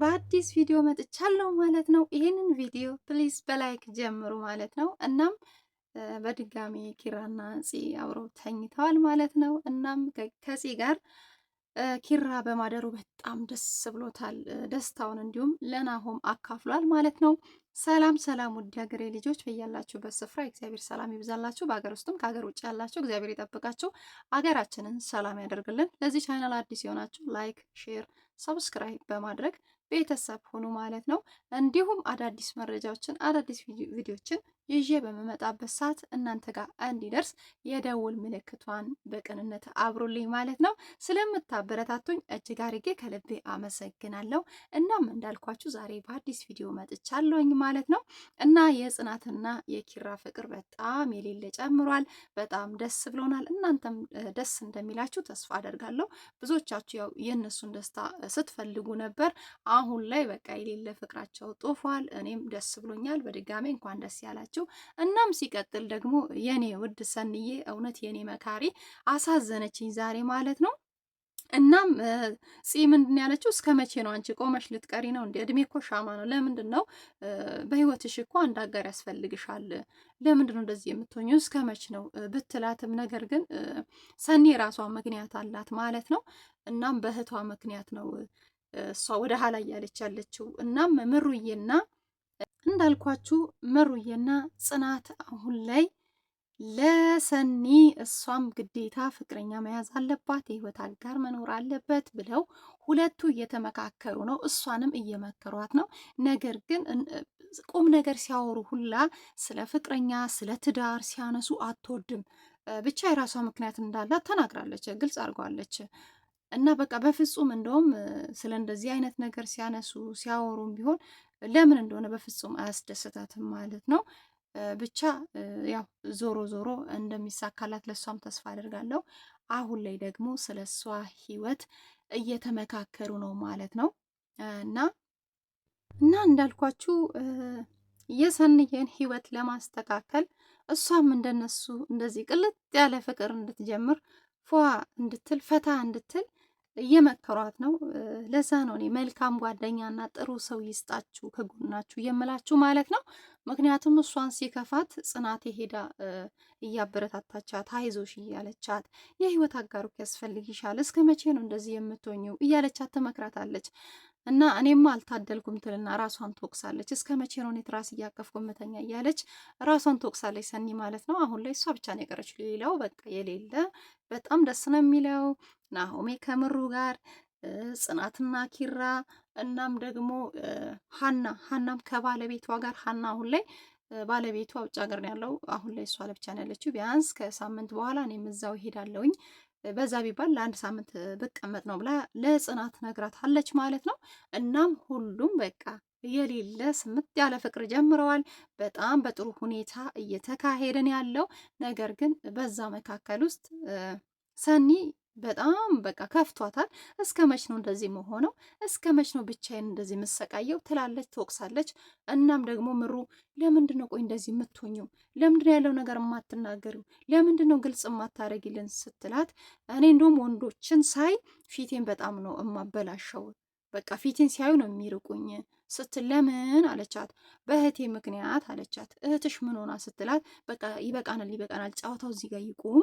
በአዲስ ቪዲዮ መጥቻለሁ ማለት ነው። ይህንን ቪዲዮ ፕሊዝ በላይክ ጀምሩ ማለት ነው። እናም በድጋሚ ኪራና ፂ አብረው ተኝተዋል ማለት ነው። እናም ከፂ ጋር ኪራ በማደሩ በጣም ደስ ብሎታል። ደስታውን እንዲሁም ለናሆም አካፍሏል ማለት ነው። ሰላም ሰላም፣ ውድ ሀገሬ ልጆች በያላችሁበት ስፍራ እግዚአብሔር ሰላም ይብዛላችሁ። በሀገር ውስጥም ከሀገር ውጭ ያላችሁ እግዚአብሔር ይጠብቃችሁ፣ አገራችንን ሰላም ያደርግልን። ለዚህ ቻናል አዲስ የሆናችሁ ላይክ፣ ሼር፣ ሰብስክራይብ በማድረግ ቤተሰብ ሆኑ ማለት ነው። እንዲሁም አዳዲስ መረጃዎችን አዳዲስ ቪዲዮዎችን ይዤ በመመጣበት ሰዓት እናንተ ጋር እንዲደርስ የደውል ምልክቷን በቅንነት አብሩልኝ ማለት ነው። ስለምታበረታቱኝ እጅግ አርጌ ከልቤ አመሰግናለሁ። እናም እንዳልኳችሁ ዛሬ በአዲስ ቪዲዮ መጥቻለሁኝ ማለት ነው እና የጽናትና የኪራ ፍቅር በጣም የሌለ ጨምሯል። በጣም ደስ ብሎናል። እናንተም ደስ እንደሚላችሁ ተስፋ አደርጋለሁ። ብዙዎቻችሁ ያው የእነሱን ደስታ ስትፈልጉ ነበር። አሁን ላይ በቃ የሌለ ፍቅራቸው ጦፏል። እኔም ደስ ብሎኛል። በድጋሜ እንኳን ደስ ያላችሁ። ያለችው። እናም ሲቀጥል ደግሞ የኔ ውድ ሰንዬ እውነት የኔ መካሪ አሳዘነችኝ ዛሬ ማለት ነው። እናም ፂ ምንድን ያለችው እስከ መቼ ነው አንቺ ቆመሽ ልትቀሪ ነው እንዲ እድሜ እኮ ሻማ ነው። ለምንድን ነው በህይወትሽ እኮ አንድ አጋር ያስፈልግሻል። ለምንድን ነው እንደዚህ የምትሆኙ እስከ መች ነው ብትላትም፣ ነገር ግን ሰኒ የራሷ ምክንያት አላት ማለት ነው። እናም በእህቷ ምክንያት ነው እሷ ወደ ኋላ እያለች ያለችው። እናም ምሩዬና እንዳልኳችሁ ምሩዬና ጽናት አሁን ላይ ለሰኒ እሷም ግዴታ ፍቅረኛ መያዝ አለባት፣ የህይወት አጋር መኖር አለበት ብለው ሁለቱ እየተመካከሩ ነው። እሷንም እየመከሯት ነው። ነገር ግን ቁም ነገር ሲያወሩ ሁላ ስለ ፍቅረኛ ስለ ትዳር ሲያነሱ አትወድም። ብቻ የራሷ ምክንያት እንዳላት ተናግራለች፣ ግልጽ አድርጓለች። እና በቃ በፍጹም እንደውም ስለ እንደዚህ አይነት ነገር ሲያነሱ ሲያወሩም ቢሆን ለምን እንደሆነ በፍጹም አያስደስታትም ማለት ነው። ብቻ ያው ዞሮ ዞሮ እንደሚሳካላት ለእሷም ተስፋ አድርጋለሁ። አሁን ላይ ደግሞ ስለ እሷ ህይወት እየተመካከሩ ነው ማለት ነው እና እና እንዳልኳችሁ የሰንየን ህይወት ለማስተካከል እሷም እንደነሱ እንደዚህ ቅልጥ ያለ ፍቅር እንድትጀምር ፏ እንድትል ፈታ እንድትል እየመከሯት ነው። ለዛ ነው እኔ መልካም ጓደኛና ጥሩ ሰው ይስጣችሁ ከጎናችሁ የምላችሁ ማለት ነው። ምክንያቱም እሷን ሲከፋት ጽናት ሄዳ እያበረታታቻት አይዞሽ እያለቻት የህይወት አጋሩ ያስፈልግሻል፣ እስከ መቼ ነው እንደዚህ የምትሆኝው እያለቻት ትመክራታለች። እና እኔም አልታደልኩም ትልና ራሷን ትወቅሳለች። እስከ መቼ ነው እኔ ራስ እያቀፍኩ እምተኛ እያለች ራሷን ትወቅሳለች። ሰኒ ማለት ነው። አሁን ላይ እሷ ብቻ ነው የቀረች፣ ሌላው በቃ የሌለ በጣም ደስ ነው የሚለው ናሆሜ ከምሩ ጋር ጽናትና ኪራ እናም ደግሞ ሀና ሀናም ከባለቤቷ ጋር ሀና አሁን ላይ ባለቤቱ ውጭ ሀገር ነው ያለው። አሁን ላይ እሷ ለብቻ ነው ያለችው። ቢያንስ ከሳምንት በኋላ እኔም እዛው እሄዳለሁኝ በዛ ቢባል ለአንድ ሳምንት ብቀመጥ ነው ብላ ለጽናት ነግራታለች ማለት ነው። እናም ሁሉም በቃ የሌለ ስምት ያለ ፍቅር ጀምረዋል። በጣም በጥሩ ሁኔታ እየተካሄደን ያለው ነገር ግን በዛ መካከል ውስጥ ሰኒ በጣም በቃ ከፍቷታል። እስከ መች ነው እንደዚህ መሆነው? እስከ መች ነው ብቻዬን እንደዚህ የምሰቃየው? ትላለች፣ ትወቅሳለች። እናም ደግሞ ምሩ ለምንድን ነው ቆይ እንደዚህ የምትሆኘው? ለምንድን ነው ያለው ነገር የማትናገሪው? ለምንድን ነው ግልጽ የማታደርጊልን? ስትላት እኔ እንደውም ወንዶችን ሳይ ፊቴን በጣም ነው እማበላሸው፣ በቃ ፊቴን ሲያዩ ነው የሚርቁኝ ስትል ለምን አለቻት። በእህቴ ምክንያት አለቻት። እህትሽ ምን ሆና ስትላት በቃ ይበቃናል፣ ይበቃናል፣ ጨዋታው እዚህ ጋር ይቁም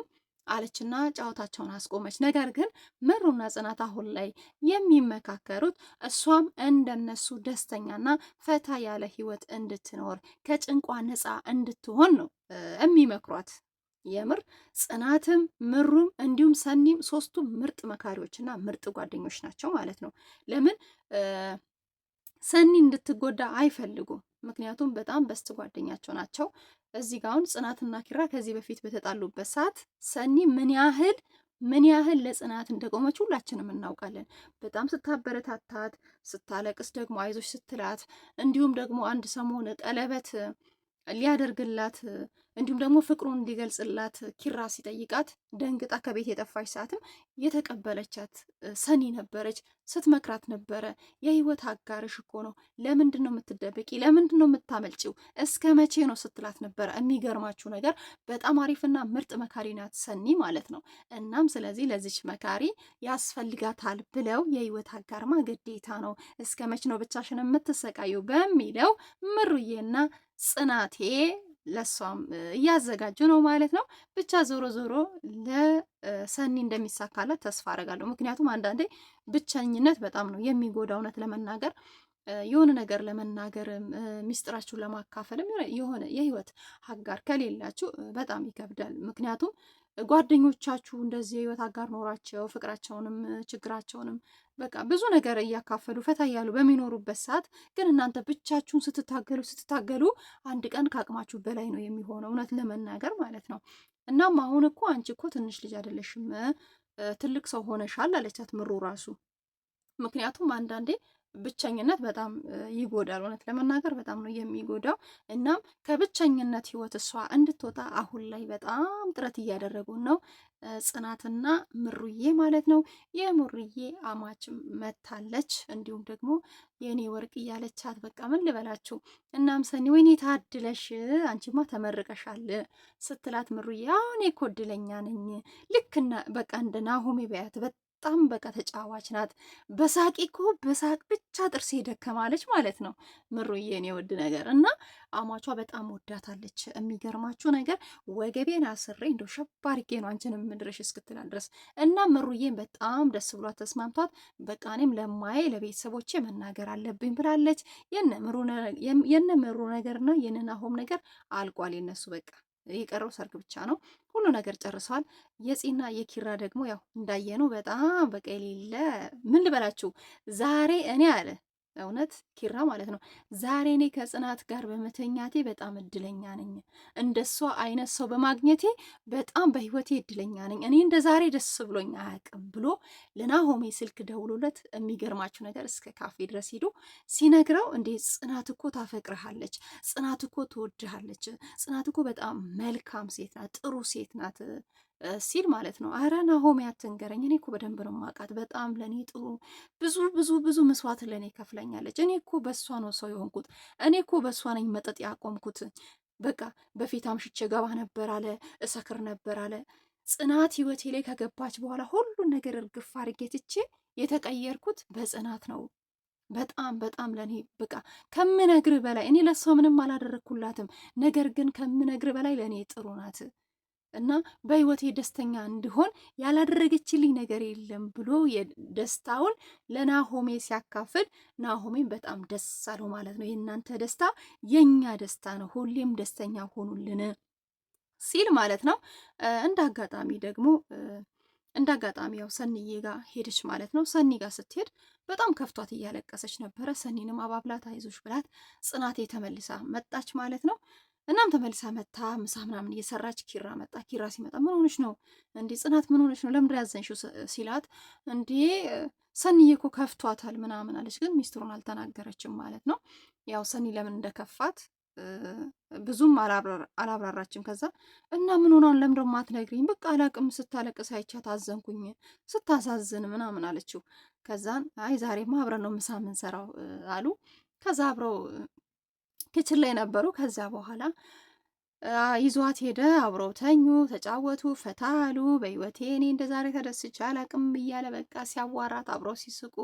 አለችና ጨዋታቸውን አስቆመች። ነገር ግን ምሩና ጽናት አሁን ላይ የሚመካከሩት እሷም እንደነሱ ደስተኛና ፈታ ያለ ህይወት እንድትኖር ከጭንቋ ነፃ እንድትሆን ነው የሚመክሯት። የምር ጽናትም ምሩም እንዲሁም ሰኒም ሶስቱም ምርጥ መካሪዎችና ምርጥ ጓደኞች ናቸው ማለት ነው። ለምን ሰኒ እንድትጎዳ አይፈልጉም። ምክንያቱም በጣም በስት ጓደኛቸው ናቸው። እዚህ ጋር አሁን ጽናትና ኪራ ከዚህ በፊት በተጣሉበት ሰዓት ሰኒ ምን ያህል ምን ያህል ለጽናት እንደቆመች ሁላችንም እናውቃለን። በጣም ስታበረታታት፣ ስታለቅስ ደግሞ አይዞች ስትላት እንዲሁም ደግሞ አንድ ሰሞን ቀለበት ሊያደርግላት እንዲሁም ደግሞ ፍቅሩን እንዲገልጽላት ኪራ ሲጠይቃት ደንግጣ ከቤት የጠፋች ሰዓትም የተቀበለቻት ሰኒ ነበረች። ስትመክራት ነበረ የህይወት አጋርሽ እኮ ነው፣ ለምንድን ነው የምትደበቂ? ለምንድን ነው የምታመልጭው? እስከ መቼ ነው ስትላት ነበረ። የሚገርማችሁ ነገር በጣም አሪፍና ምርጥ መካሪ ናት ሰኒ ማለት ነው። እናም ስለዚህ ለዚች መካሪ ያስፈልጋታል ብለው የህይወት አጋርማ ግዴታ ነው፣ እስከ መቼ ነው ብቻሽን የምትሰቃየው በሚለው ምሩዬና ጽናቴ ለሷም እያዘጋጁ ነው ማለት ነው። ብቻ ዞሮ ዞሮ ለሰኒ እንደሚሳካላት ተስፋ አረጋለሁ። ምክንያቱም አንዳንዴ ብቸኝነት በጣም ነው የሚጎዳ እውነት ለመናገር የሆነ ነገር ለመናገርም ሚስጥራችሁን ለማካፈልም የሆነ የህይወት አጋር ከሌላችሁ በጣም ይከብዳል። ምክንያቱም ጓደኞቻችሁ እንደዚህ የህይወት አጋር ኖራቸው ፍቅራቸውንም ችግራቸውንም በቃ ብዙ ነገር እያካፈሉ ፈታ እያሉ በሚኖሩበት ሰዓት ግን እናንተ ብቻችሁን ስትታገሉ ስትታገሉ አንድ ቀን ከአቅማችሁ በላይ ነው የሚሆነው፣ እውነት ለመናገር ማለት ነው። እናም አሁን እኮ አንቺ እኮ ትንሽ ልጅ አይደለሽም፣ ትልቅ ሰው ሆነሻል አለቻት ምሩ ራሱ ምክንያቱም አንዳንዴ ብቸኝነት በጣም ይጎዳል። እውነት ለመናገር በጣም ነው የሚጎዳው። እናም ከብቸኝነት ህይወት እሷ እንድትወጣ አሁን ላይ በጣም ጥረት እያደረጉ ነው ጽናትና ምሩዬ ማለት ነው። የሙሩዬ አማች መታለች፣ እንዲሁም ደግሞ የኔ ወርቅ እያለቻት በቃ ምን ልበላችሁ። እናም ሰኒ ወይኔ ታድለሽ አንቺማ ተመርቀሻል ስትላት ምሩዬ አሁን እኮ እድለኛ ነኝ ልክ በቃ እንደ ናሆሜ ቢያት በጣም በቃ ተጫዋች ናት። በሳቂ እኮ በሳቅ ብቻ ጥርሴ ደከማለች ማለት ነው። ምሩዬን የውድ ነገር እና አማቿ በጣም ወዳታለች። የሚገርማችሁ ነገር ወገቤን አስሬ እንደው ሸባርጌ ነው አንቺን የምድረሽ እስክትላል ድረስ እና ምሩዬን በጣም ደስ ብሏት ተስማምቷት፣ በቃ እኔም ለማዬ ለቤተሰቦቼ መናገር አለብኝ ብላለች። የነ ምሩ ነገርና የነናሆም ነገር አልቋል የነሱ በቃ የቀረው ሰርግ ብቻ ነው። ሁሉ ነገር ጨርሰዋል። የፂና የኪራ ደግሞ ያው እንዳየነው በጣም በቃ የሌለ ምን ልበላችሁ ዛሬ እኔ አለ እውነት ኪራ ማለት ነው። ዛሬ እኔ ከጽናት ጋር በመተኛቴ በጣም እድለኛ ነኝ። እንደሷ አይነት ሰው በማግኘቴ በጣም በህይወቴ እድለኛ ነኝ። እኔ እንደ ዛሬ ደስ ብሎኝ አያውቅም ብሎ ለናሆሜ ስልክ ደውሎለት የሚገርማችሁ ነገር እስከ ካፌ ድረስ ሄዶ ሲነግረው እንዴ ጽናት እኮ ታፈቅርሃለች፣ ጽናት እኮ ትወድሃለች፣ ጽናት እኮ በጣም መልካም ሴት ናት፣ ጥሩ ሴት ናት ሲል ማለት ነው። አረ ናሆም ያትንገረኝ፣ እኔ እኮ በደንብ ነው የማውቃት። በጣም ለእኔ ጥሩ ብዙ ብዙ ብዙ መስዋዕት ለእኔ ከፍለኛለች። እኔ እኮ በእሷ ነው ሰው የሆንኩት። እኔ እኮ በእሷ ነኝ መጠጥ ያቆምኩት። በቃ በፊት አምሽቼ ገባ ነበር አለ፣ እሰክር ነበር አለ። ጽናት ህይወቴ ላይ ከገባች በኋላ ሁሉን ነገር እርግፍ አድርጌ ትቼ የተቀየርኩት በጽናት ነው። በጣም በጣም ለእኔ በቃ ከምነግር በላይ እኔ ለእሷ ምንም አላደረግኩላትም። ነገር ግን ከምነግር በላይ ለእኔ ጥሩ ናት። እና በህይወቴ ደስተኛ እንድሆን ያላደረገችልኝ ነገር የለም ብሎ ደስታውን ለናሆሜ ሲያካፍል ናሆሜን በጣም ደስ አለው ማለት ነው። የእናንተ ደስታ የእኛ ደስታ ነው፣ ሁሌም ደስተኛ ሆኑልን ሲል ማለት ነው። እንደ አጋጣሚ ደግሞ እንደ አጋጣሚ ያው ሰኒዬ ጋር ሄደች ማለት ነው። ሰኒ ጋር ስትሄድ በጣም ከፍቷት እያለቀሰች ነበረ። ሰኒንም አባብላት አይዞሽ ብላት ጽናቴ ተመልሳ መጣች ማለት ነው። እናም ተመልሳ መታ ምሳ ምናምን እየሰራች ኪራ መጣ። ኪራ ሲመጣ ምን ነው እንዲ ጽናት ምን ነው ለምድ ያዘንሽው ሲላት እንዲ ሰኒዬ እኮ ከፍቷታል ምናምን አለች። ግን ሚስትሩን አልተናገረችም ማለት ነው። ያው ሰኒ ለምን እንደከፋት ብዙም አላብራራችም። ከዛ እና ምን ሆኗን ለምንድን ነው በቃ አላቅም ስታለቅስ አይቻት አዘንኩኝ ስታሳዝን ምናምን አለችው። ከዛን አይ ዛሬማ አብረን ነው ምሳ ምንሰራው አሉ። ከዛ አብረው ኪችን ላይ ነበሩ። ከዛ በኋላ ይዟት ሄደ። አብረው ተኙ፣ ተጫወቱ፣ ፈታ አሉ። በህይወቴ እኔ እንደዛሬ ተደስቼ አላቅም እያለ በቃ ሲያዋራት አብረው ሲስቁ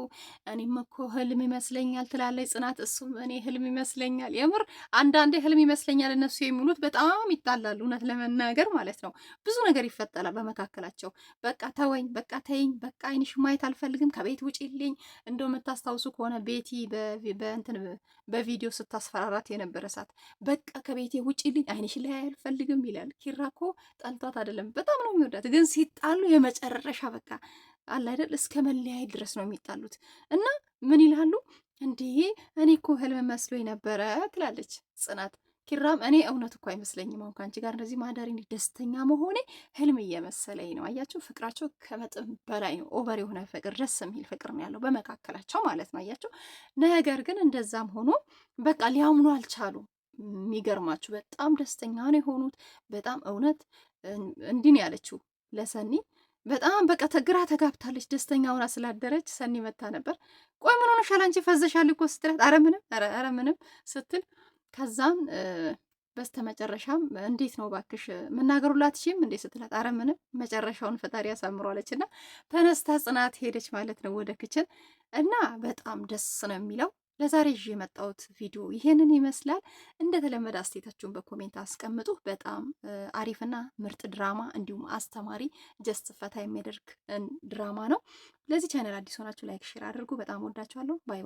እኔም እኮ ህልም ይመስለኛል ትላለች ጽናት። እሱም እኔ ህልም ይመስለኛል የምር አንዳንዴ ህልም ይመስለኛል እነሱ የሚሉት በጣም ይጣላሉ፣ እውነት ለመናገር ማለት ነው። ብዙ ነገር ይፈጠራል በመካከላቸው። በቃ ተወኝ፣ በቃ ተይኝ፣ በቃ አይንሽ ማየት አልፈልግም፣ ከቤት ውጪልኝ። እንደው የምታስታውሱ ከሆነ ቤቲ በእንትን በቪዲዮ ስታስፈራራት የነበረ ሰዓት በቃ ከቤቴ ውጪልኝ አይንሽ መለያይ አልፈልግም ይላል። ኪራ እኮ ጠልቷት አይደለም፣ በጣም ነው የሚወዳት። ግን ሲጣሉ የመጨረሻ በቃ አለ አይደል እስከ መለያይ ድረስ ነው የሚጣሉት። እና ምን ይላሉ እንዲህ እኔ እኮ ህልም መስሎኝ ነበረ ትላለች ጽናት። ኪራም እኔ እውነት እኮ አይመስለኝም አሁን ከአንቺ ጋር እንደዚህ ማዳሪ ደስተኛ መሆኔ ህልም እየመሰለኝ ነው። አያችሁ ፍቅራቸው ከመጠን በላይ ነው። ኦቨር የሆነ ፍቅር፣ ደስ የሚል ፍቅር ነው ያለው በመካከላቸው ማለት ነው። አያችሁ ነገር ግን እንደዛም ሆኖ በቃ ሊያምኑ አልቻሉም። የሚገርማችሁ በጣም ደስተኛ ነው የሆኑት። በጣም እውነት እንዲህ ያለችው ለሰኒ በጣም በቃ ተግራ ተጋብታለች። ደስተኛ ሆና ስላደረች ሰኒ መታ ነበር። ቆይ ምን ሆነሻል አንቺ ፈዘሻል እኮ ስትላት፣ ኧረ ምንም ምንም ስትል ከዛም በስተመጨረሻም እንዴት ነው ባክሽ መናገሩላት ሺም እንዴ ስትላት፣ ኧረ ምንም መጨረሻውን ፈጣሪ ያሳምሯለች። እና ተነስታ ጽናት ሄደች ማለት ነው ወደ ክችን እና በጣም ደስ ነው የሚለው ለዛሬ ይዤ የመጣሁት ቪዲዮ ይሄንን ይመስላል። እንደተለመደ አስተያየታችሁን በኮሜንት አስቀምጡ። በጣም አሪፍና ምርጥ ድራማ እንዲሁም አስተማሪ ጀስት ፈታ የሚያደርግ ድራማ ነው። ለዚህ ቻናል አዲስ ሆናችሁ ላይክ፣ ሼር አድርጉ። በጣም ወዳችኋለሁ። ባይ ባይ።